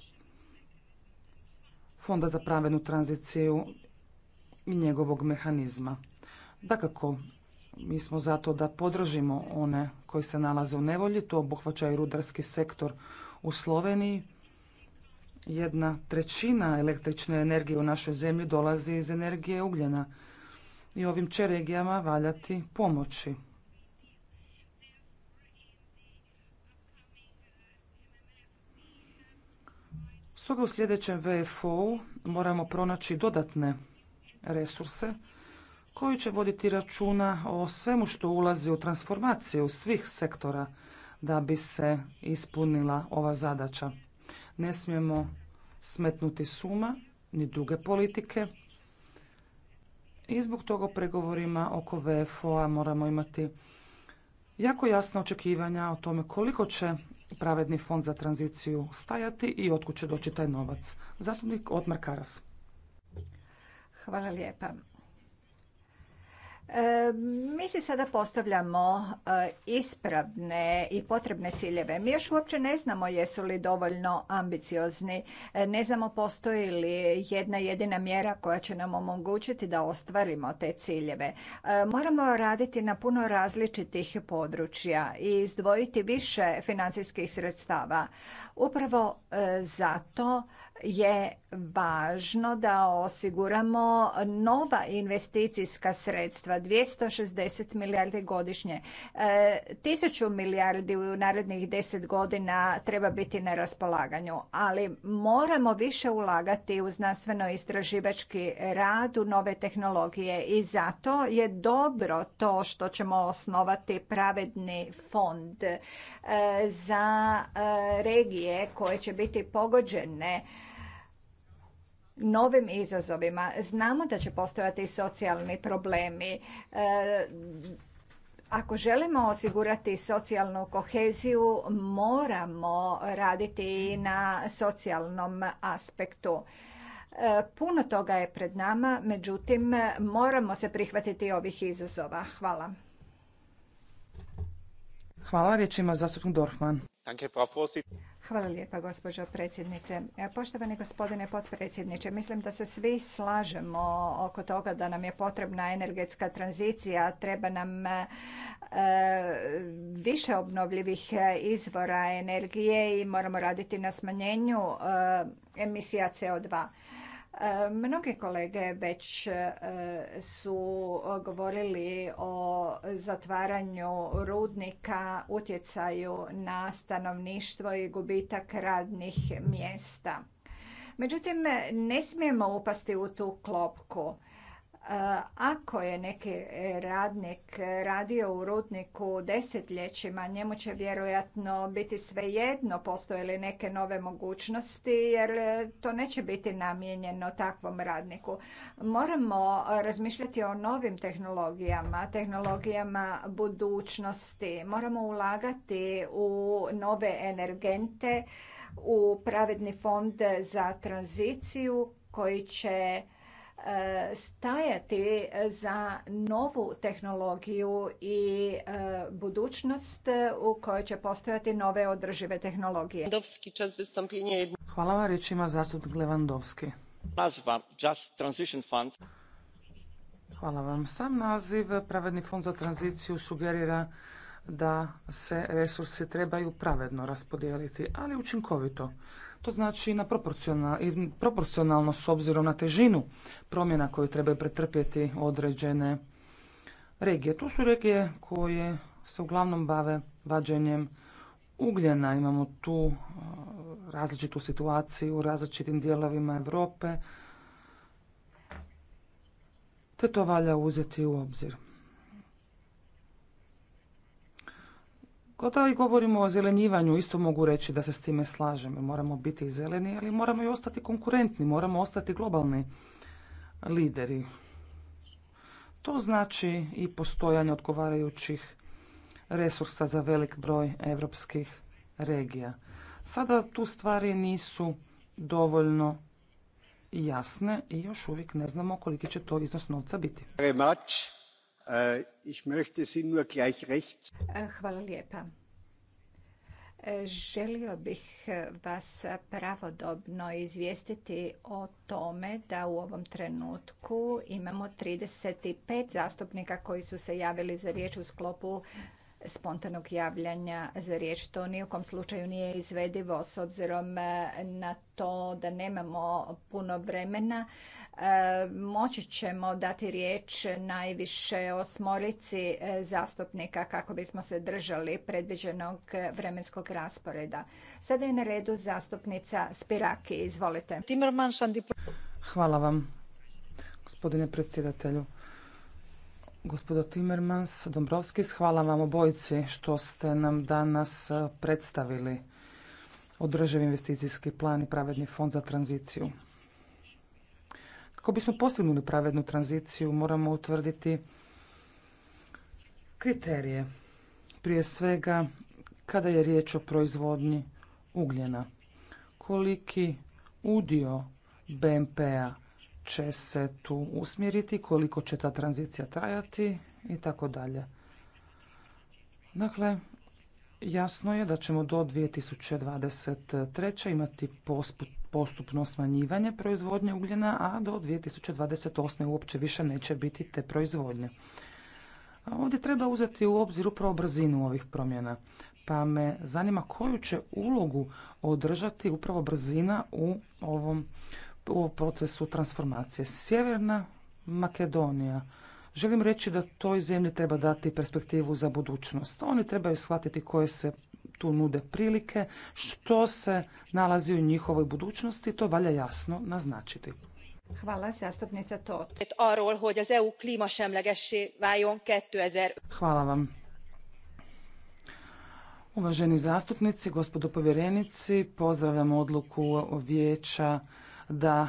[SPEAKER 1] Fonda za pravednu tranziciju i njegovog mehanizma. Dakako, mi smo zato da podržimo one koji se nalaze u nevolji, to obuhvaća i rudarski sektor u Sloveniji. Jedna trećina električne energije u našoj zemlji dolazi iz energije ugljena i ovim će regijama valjati pomoći. Stoga u sljedećem VFO-u moramo pronaći dodatne resurse koji će voditi računa o svemu što ulazi u transformaciju svih sektora da bi se ispunila ova zadaća. Ne smijemo smetnuti suma ni duge politike i zbog toga pregovorima oko VFO-a moramo imati jako jasna očekivanja o tome koliko će pravedni fond za tranziciju stajati i otkud će doći taj novac. Zastupnik Otmar Karas.
[SPEAKER 4] Hvala lijepa. E, mi se sada postavljamo e, ispravne i potrebne ciljeve. Mi još uopće ne znamo jesu li dovoljno ambiciozni, e, ne znamo postoji li jedna jedina mjera koja će nam omogućiti da ostvarimo te ciljeve. Moramo raditi na puno različitih područja i izdvojiti više financijskih sredstava. Upravo zato je važno da osiguramo nova investicijska sredstva, 260 milijardi godišnje. E, tisuću milijardi u narednih deset godina treba biti na raspolaganju, ali moramo više ulagati u znanstveno-istraživački rad, u nove tehnologije i zato je dobro to što ćemo osnovati pravedni fond e, za e, regije koje će biti pogođene novim izazovima. Znamo da će postojati socijalni problemi. E, ako želimo osigurati socijalnu koheziju, moramo raditi i na socijalnom aspektu. E, puno toga je pred nama, međutim moramo se prihvatiti ovih izazova. Hvala.
[SPEAKER 1] Hvala, riječ ima zastupnik Dorfman.
[SPEAKER 4] Hvala lijepa, gospođo predsjednice. E, poštovani gospodine potpredsjedniče, mislim da se svi slažemo oko toga da nam je potrebna energetska tranzicija, treba nam e, više obnovljivih e, izvora energije i moramo raditi na smanjenju emisija CO2. E, mnoge kolege već e, su govorili o zatvaranju rudnika, utjecaju na stanovništvo i gubitak radnih mjesta. Međutim, ne smijemo upasti u tu klopku. Ako je neki radnik radio u rudniku desetljećima, njemu će vjerojatno biti svejedno postoje li neke nove mogućnosti jer to neće biti namijenjeno takvom radniku. Moramo razmišljati o novim tehnologijama, tehnologijama budućnosti. Moramo ulagati u nove energente, u pravedni fond za tranziciju koji će stajati za novu tehnologiju i e, budućnost u kojoj će postojati nove održive tehnologije.
[SPEAKER 1] Hvala vam, riječ ima zastupnik Levandovski. Hvala vam. Sam naziv Pravedni fond za tranziciju sugerira da se resursi trebaju pravedno raspodijeliti, ali učinkovito. To znači na proporcionalno, proporcionalno s obzirom na težinu promjena koje trebaju pretrpjeti određene regije. Tu su regije koje se uglavnom bave vađenjem ugljena. Imamo tu različitu situaciju u različitim dijelovima Europe. Te to valja uzeti u obzir. Kada i govorimo o zelenjivanju, isto mogu reći da se s time slažem. Moramo biti zeleni, ali moramo i ostati konkurentni, moramo ostati globalni lideri. To znači i postojanje odgovarajućih resursa za velik broj europskih regija. Sada tu stvari nisu dovoljno jasne i još uvijek ne znamo koliki će to iznos novca biti.
[SPEAKER 3] Äh, ich möchte äh,
[SPEAKER 1] Hvala lijepa. Äh,
[SPEAKER 4] želio bih vas pravodobno izvijestiti o tome da u ovom trenutku imamo 35 zastupnika koji su se javili za riječ u sklopu spontanog javljanja za riječ. To ni u kom slučaju nije izvedivo s obzirom e, na to da nemamo puno vremena. E, moći ćemo dati riječ najviše osmorici e, zastupnika kako bismo se držali predviđenog vremenskog rasporeda. Sada je na redu zastupnica Spiraki. Izvolite.
[SPEAKER 1] Hvala vam, gospodine predsjedatelju. Gospodo Timmermans, Dombrovskis, hvala vam obojici što ste nam danas e, predstavili održivi investicijski plan i pravedni fond za tranziciju. Kako bismo postignuli pravednu tranziciju, moramo utvrditi kriterije. Prije svega, kada je riječ o proizvodnji ugljena. Koliki udio BMP-a će se tu usmjeriti, koliko će ta tranzicija trajati i tako dalje. Dakle, jasno je da ćemo do 2023. imati postupno smanjivanje proizvodnje ugljena, a do 2028. uopće više neće biti te proizvodnje. ovdje treba uzeti u obzir upravo brzinu ovih promjena, pa me zanima koju će ulogu održati upravo brzina u ovom u procesu transformacije. Sjeverna Makedonija. Želim reći da toj zemlji treba dati perspektivu za budućnost. Oni trebaju shvatiti koje se tu nude prilike, što se nalazi u njihovoj budućnosti, to valja jasno naznačiti.
[SPEAKER 4] Hvala, zastupnica Tot. EU
[SPEAKER 1] Hvala vam. Uvaženi zastupnici, gospodo povjerenici, pozdravljam odluku vijeća da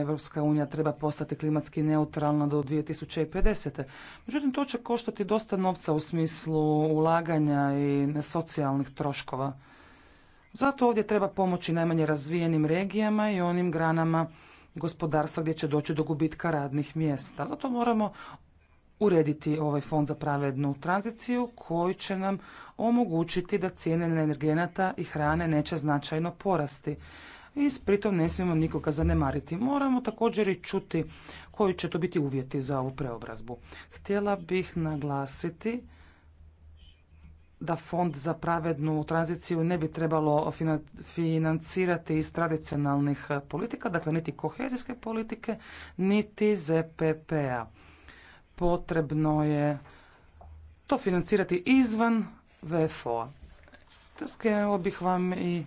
[SPEAKER 1] Europska unija treba postati klimatski neutralna do 2050. Međutim, to će koštati dosta novca u smislu ulaganja i socijalnih troškova. Zato ovdje treba pomoći najmanje razvijenim regijama i onim granama gospodarstva gdje će doći do gubitka radnih mjesta. Zato moramo urediti ovaj fond za pravednu tranziciju koji će nam omogućiti da cijene energenata i hrane neće značajno porasti i pritom ne smijemo nikoga zanemariti. Moramo također i čuti koji će to biti uvjeti za ovu preobrazbu. Htjela bih naglasiti da fond za pravednu tranziciju ne bi trebalo financirati iz tradicionalnih e, politika, dakle niti kohezijske politike, niti ZPP-a. Potrebno je to financirati izvan VFO-a. To bih vam i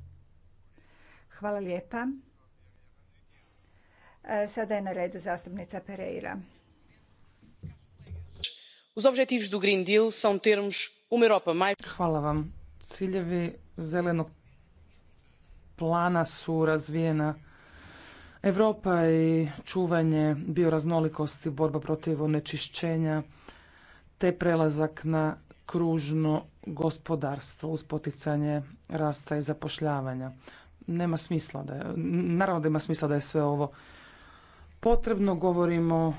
[SPEAKER 4] Hvala lijepa. E, sada je na redu zastupnica Pereira.
[SPEAKER 1] Os objetivos Green Deal são Europa Hvala vam. Ciljevi zelenog plana su razvijena Europa i čuvanje bioraznolikosti, borba protiv onečišćenja, te prelazak na kružno gospodarstvo uz poticanje rasta i zapošljavanja nema smisla da je, naravno da ima smisla da je sve ovo potrebno. Govorimo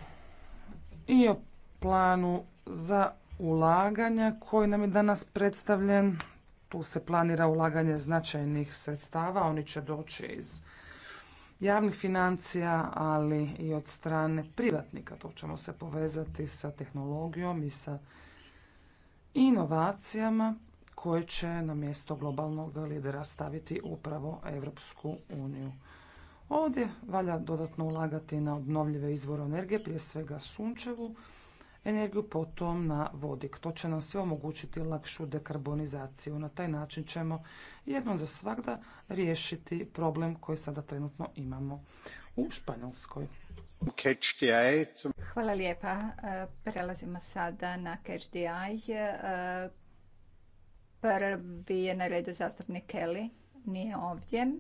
[SPEAKER 1] i o planu za ulaganja koji nam je danas predstavljen. Tu se planira ulaganje značajnih sredstava, oni će doći iz javnih financija, ali i od strane privatnika. To ćemo se povezati sa tehnologijom i sa inovacijama koje će na mjesto globalnog lidera staviti upravo Europsku uniju. Ovdje valja dodatno ulagati na obnovljive izvore energije, prije svega sunčevu energiju, potom na vodik. To će nam sve omogućiti lakšu dekarbonizaciju. Na taj način ćemo jednom za svakda riješiti problem koji sada trenutno imamo u Španjolskoj.
[SPEAKER 4] Hvala lijepa. Prelazimo sada na Catch Prvi je na redu zastupnik Kelly. Nije ovdje.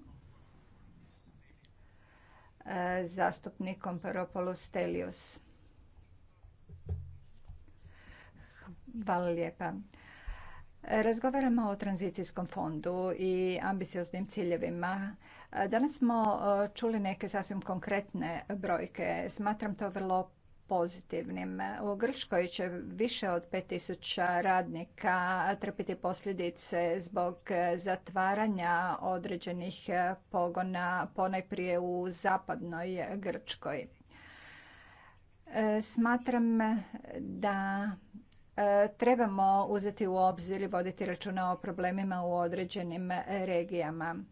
[SPEAKER 4] E, zastupnik Komperopoulos stelius. Hvala lijepa. Razgovaramo o tranzicijskom fondu i ambicioznim ciljevima. Danas smo e, čuli neke sasvim konkretne brojke. Smatram to vrlo pozitivnim. U Grčkoj će više od 5000 radnika trpiti posljedice zbog zatvaranja određenih pogona ponajprije u zapadnoj Grčkoj. Smatram da e, trebamo uzeti u obzir i voditi računa o problemima u određenim regijama.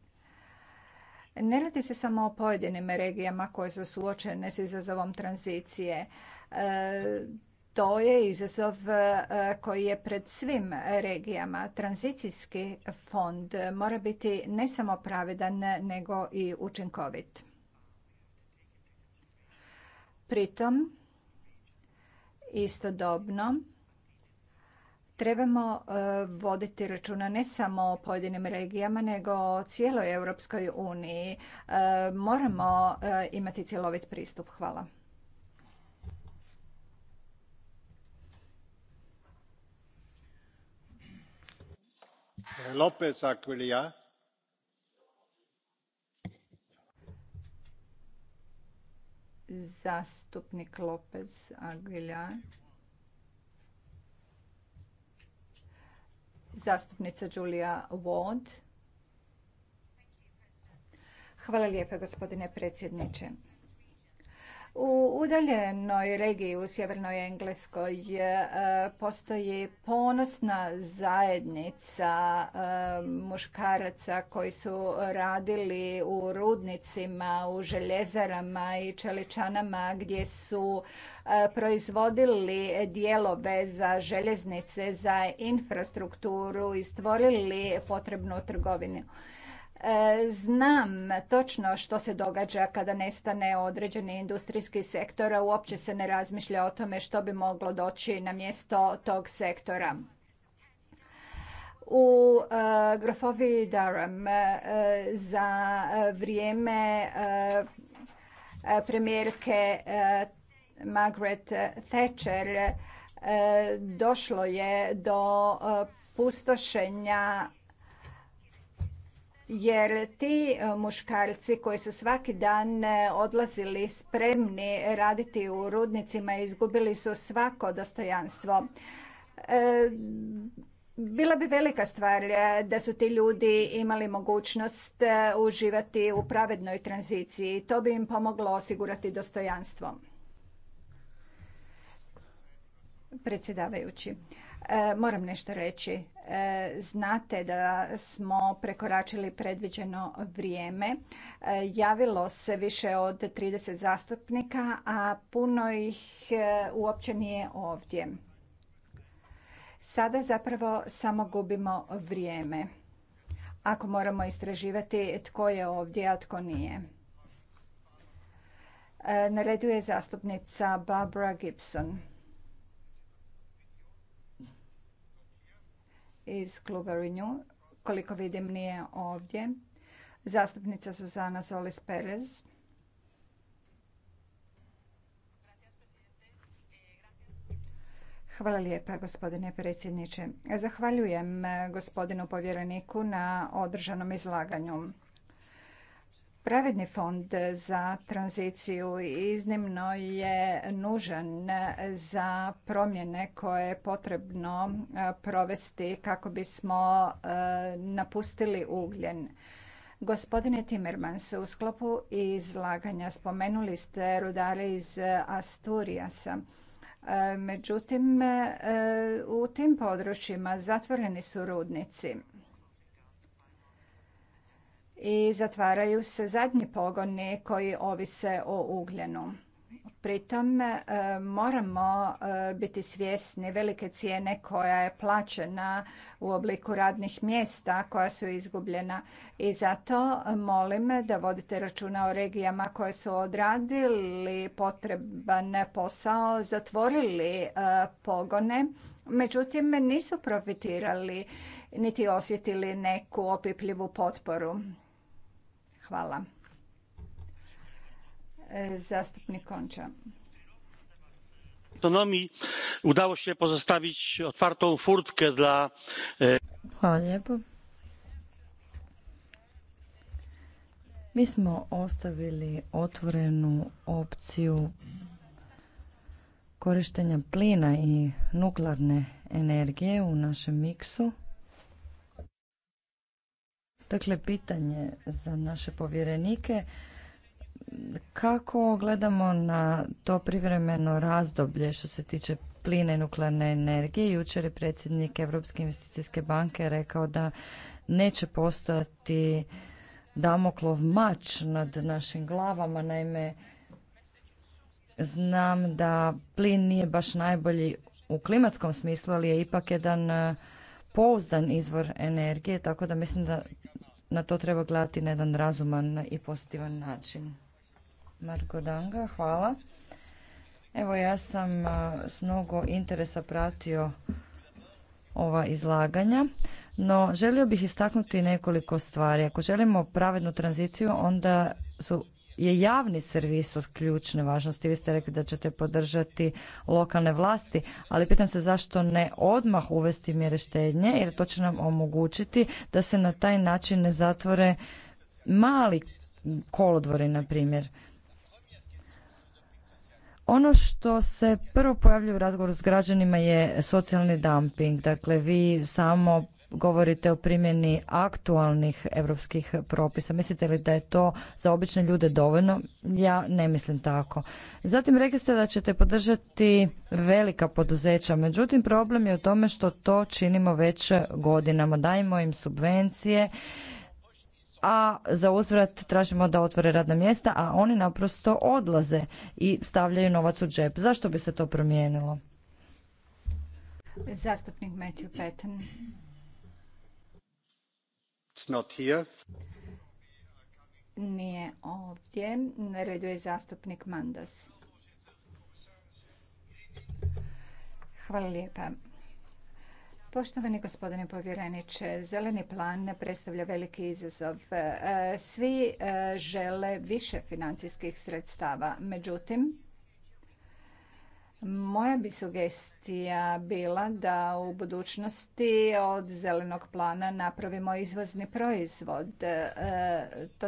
[SPEAKER 4] Ne radi se samo o pojedinim regijama koje su suočene s izazovom tranzicije. E, to je izazov e, koji je pred svim regijama. Tranzicijski fond mora biti ne samo pravedan, nego i učinkovit. Pritom, istodobno, trebamo e, voditi računa ne samo o pojedinim regijama, nego o cijeloj Europskoj uniji. E, moramo e, imati cjelovit pristup. Hvala.
[SPEAKER 3] Lopez Aquilia.
[SPEAKER 4] Zastupnik Lopez Aguilar. Zastupnica Julia Ward. Hvala lijepa gospodine predsjedniče. U udaljenoj regiji u Sjevernoj Engleskoj e, postoji ponosna zajednica e, muškaraca koji su radili u rudnicima, u željezarama i čeličanama gdje su e, proizvodili dijelove za željeznice, za infrastrukturu i stvorili potrebnu trgovinu. E, znam točno što se događa kada nestane određeni industrijski sektor, a uopće se ne razmišlja o tome što bi moglo doći na mjesto tog sektora. U e, Grofovi Durham e, za vrijeme premijerke Margaret Thatcher došlo je do pustošenja jer ti e, muškarci koji su svaki dan e, odlazili spremni raditi u rudnicima izgubili su svako dostojanstvo. E, bila bi velika stvar da su ti ljudi imali mogućnost uživati u pravednoj tranziciji. To bi im pomoglo osigurati dostojanstvo. Predsjedavajući. E, moram nešto reći. E, znate da smo prekoračili predviđeno vrijeme. E, javilo se više od 30 zastupnika, a puno ih uopće nije ovdje. Sada zapravo samo gubimo vrijeme. Ako moramo istraživati tko je ovdje, a tko nije. Na redu je zastupnica Barbara Gibson. iz kluba Renew. Koliko vidim nije ovdje. Zastupnica Suzana Solis Perez. Hvala lijepa gospodine predsjedniče. Zahvaljujem gospodinu povjereniku na održanom izlaganju. Pravedni fond za tranziciju iznimno je nužan za promjene koje je potrebno e, provesti kako bismo e, napustili ugljen. Gospodine Timmermans, u sklopu izlaganja spomenuli ste rudare iz Asturijasa. E, međutim, u tim područjima zatvoreni su rudnici i zatvaraju se zadnji pogoni koji ovise o ugljenu. Pritom e, moramo e, biti svjesni velike cijene koja je plaćena u obliku radnih mjesta koja su izgubljena i zato molim da vodite računa o regijama koje su odradili potreban posao, zatvorili e, pogone, međutim nisu profitirali niti osjetili neku opipljivu potporu. Hvala. E, zastupnik Konča.
[SPEAKER 1] Autonomiji udało się pozostawić otwartą furtkę dla...
[SPEAKER 3] E,
[SPEAKER 2] Hvala lijepo. Mi smo ostavili otvorenu opciju korištenja plina i nuklearne energije u našem miksu. Dakle, pitanje za naše povjerenike kako gledamo na to privremeno razdoblje što se tiče pline i nuklearne energije. Jučer je predsjednik Europske investicijske banke rekao da neće postojati damoklov mač nad našim glavama. Naime, znam da plin nije baš najbolji u klimatskom smislu, ali je ipak jedan pouzdan izvor energije, tako da mislim da na to treba gledati na jedan razuman i pozitivan način. Marko Danga, hvala. Evo ja sam s mnogo interesa pratio ova izlaganja, no želio bih istaknuti nekoliko stvari. Ako želimo pravednu tranziciju, onda su je javni servis od ključne važnosti. Vi ste rekli da ćete podržati lokalne vlasti, ali pitam se zašto ne odmah uvesti mjere štednje, jer to će nam omogućiti da se na taj način ne zatvore mali kolodvori, na primjer. Ono što se prvo pojavljuje u razgovoru s građanima je socijalni dumping. Dakle, vi samo govorite o primjeni aktualnih europskih propisa. Mislite li da je to za obične ljude dovoljno? Ja ne mislim tako. Zatim rekli ste da ćete podržati velika poduzeća, međutim problem je u tome što to činimo već godinama. Dajemo im subvencije, a za uzvrat tražimo da otvore radna mjesta, a oni naprosto odlaze i stavljaju novac u džep. Zašto bi se to promijenilo? Zastupnik Matthew Patton.
[SPEAKER 4] Nije ovdje. Na je zastupnik Mandas. Hvala lijepa. Poštovani gospodine povjereniče, zeleni plan predstavlja veliki izazov. E, svi e, žele više financijskih sredstava, međutim, moja bi sugestija bila da u budućnosti od zelenog plana napravimo izvozni proizvod. E, to